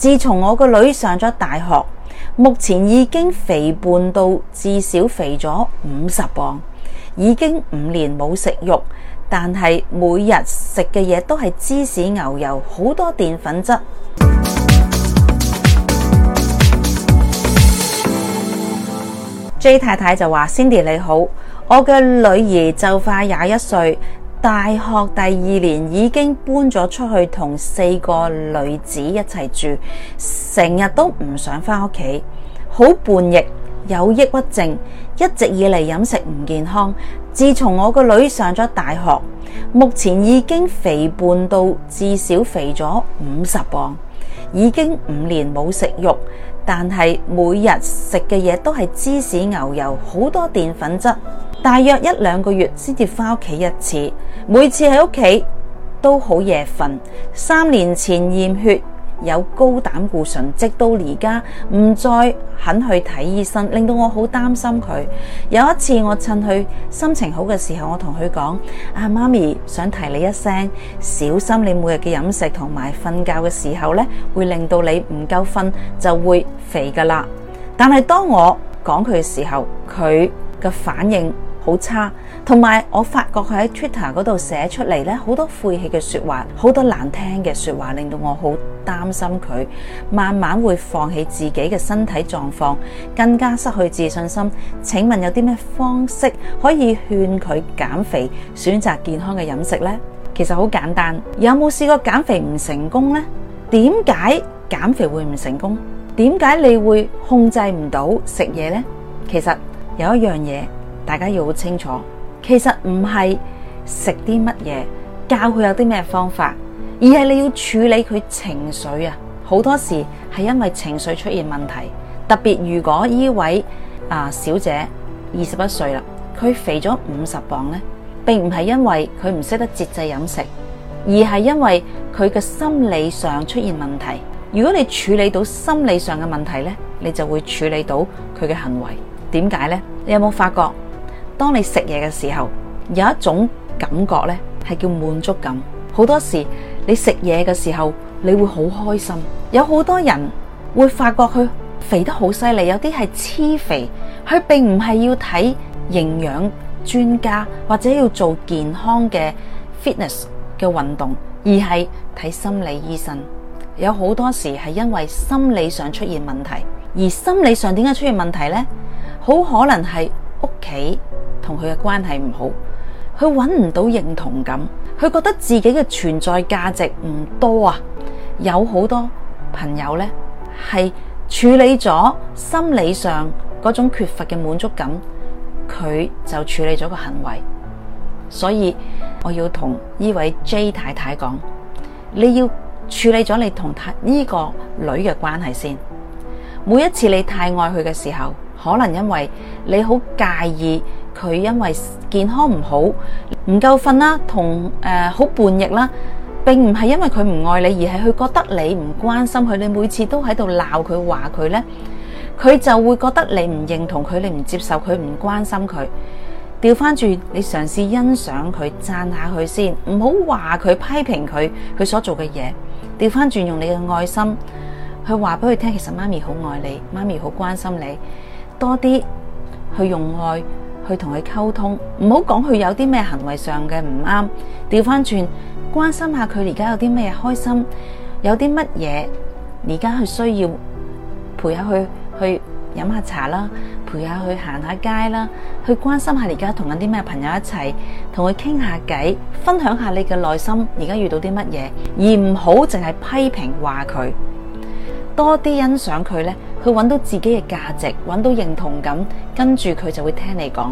自從我個女上咗大學，目前已經肥胖到至少肥咗五十磅，已經五年冇食肉，但係每日食嘅嘢都係芝士牛油，好多澱粉質。 J 太太就話：Cindy 你好，我嘅女兒就快廿一歲。大學第二年已經搬咗出去同四個女子一齊住，成日都唔想翻屋企，好叛逆，有抑鬱症，一直以嚟飲食唔健康。自從我個女上咗大學，目前已經肥胖到至少肥咗五十磅，已經五年冇食肉，但係每日食嘅嘢都係芝士牛油，好多澱粉質。大約一兩個月先至翻屋企一次，每次喺屋企都好夜瞓。三年前驗血有高膽固醇，直到而家唔再肯去睇醫生，令到我好擔心佢。有一次我趁佢心情好嘅時候，我同佢講：啊，媽咪想提你一聲，小心你每日嘅飲食同埋瞓覺嘅時候呢，會令到你唔夠瞓就會肥噶啦。但係當我講佢嘅時候，佢嘅反應。好差，同埋我發覺佢喺 Twitter 嗰度寫出嚟呢，好多晦氣嘅說話，好多難聽嘅說話，令到我好擔心佢，慢慢會放棄自己嘅身體狀況，更加失去自信心。請問有啲咩方式可以勸佢減肥，選擇健康嘅飲食呢？其實好簡單，有冇試過減肥唔成功呢？點解減肥會唔成功？點解你會控制唔到食嘢呢？其實有一樣嘢。大家要好清楚，其實唔係食啲乜嘢教佢有啲咩方法，而係你要處理佢情緒啊。好多時係因為情緒出現問題，特別如果呢位啊、呃、小姐二十一歲啦，佢肥咗五十磅呢，並唔係因為佢唔識得節制飲食，而係因為佢嘅心理上出現問題。如果你處理到心理上嘅問題呢，你就會處理到佢嘅行為。點解呢？你有冇發覺？當你食嘢嘅時候，有一種感覺呢，係叫滿足感。好多時你食嘢嘅時候，你會好開心。有好多人會發覺佢肥得好犀利，有啲係黐肥。佢並唔係要睇營養專家，或者要做健康嘅 fitness 嘅運動，而係睇心理醫生。有好多時係因為心理上出現問題，而心理上點解出現問題呢？好可能係屋企。同佢嘅關係唔好，佢揾唔到認同感，佢覺得自己嘅存在價值唔多啊。有好多朋友呢，係處理咗心理上嗰種缺乏嘅滿足感，佢就處理咗個行為。所以我要同呢位 J 太太講，你要處理咗你同太呢個女嘅關係先。每一次你太愛佢嘅時候，可能因為你好介意。佢因為健康唔好，唔夠瞓啦，同誒，好叛逆啦。並唔係因為佢唔愛你，而係佢覺得你唔關心佢。你每次都喺度鬧佢話佢呢，佢就會覺得你唔認同佢，你唔接受佢，唔關心佢。調翻轉，你嘗試欣賞佢，讚下佢先，唔好話佢，批評佢佢所做嘅嘢。調翻轉，用你嘅愛心去話俾佢聽，其實媽咪好愛你，媽咪好關心你，多啲去用愛。去同佢溝通，唔好講佢有啲咩行為上嘅唔啱，調翻轉，關心下佢而家有啲咩開心，有啲乜嘢而家佢需要陪下佢，去飲下茶啦，陪下去行下街啦，去關心下而家同緊啲咩朋友一齊，同佢傾下偈，分享下你嘅內心而家遇到啲乜嘢，而唔好淨係批評話佢，多啲欣賞佢呢。去揾到自己嘅價值，揾到認同感，跟住佢就會聽你講。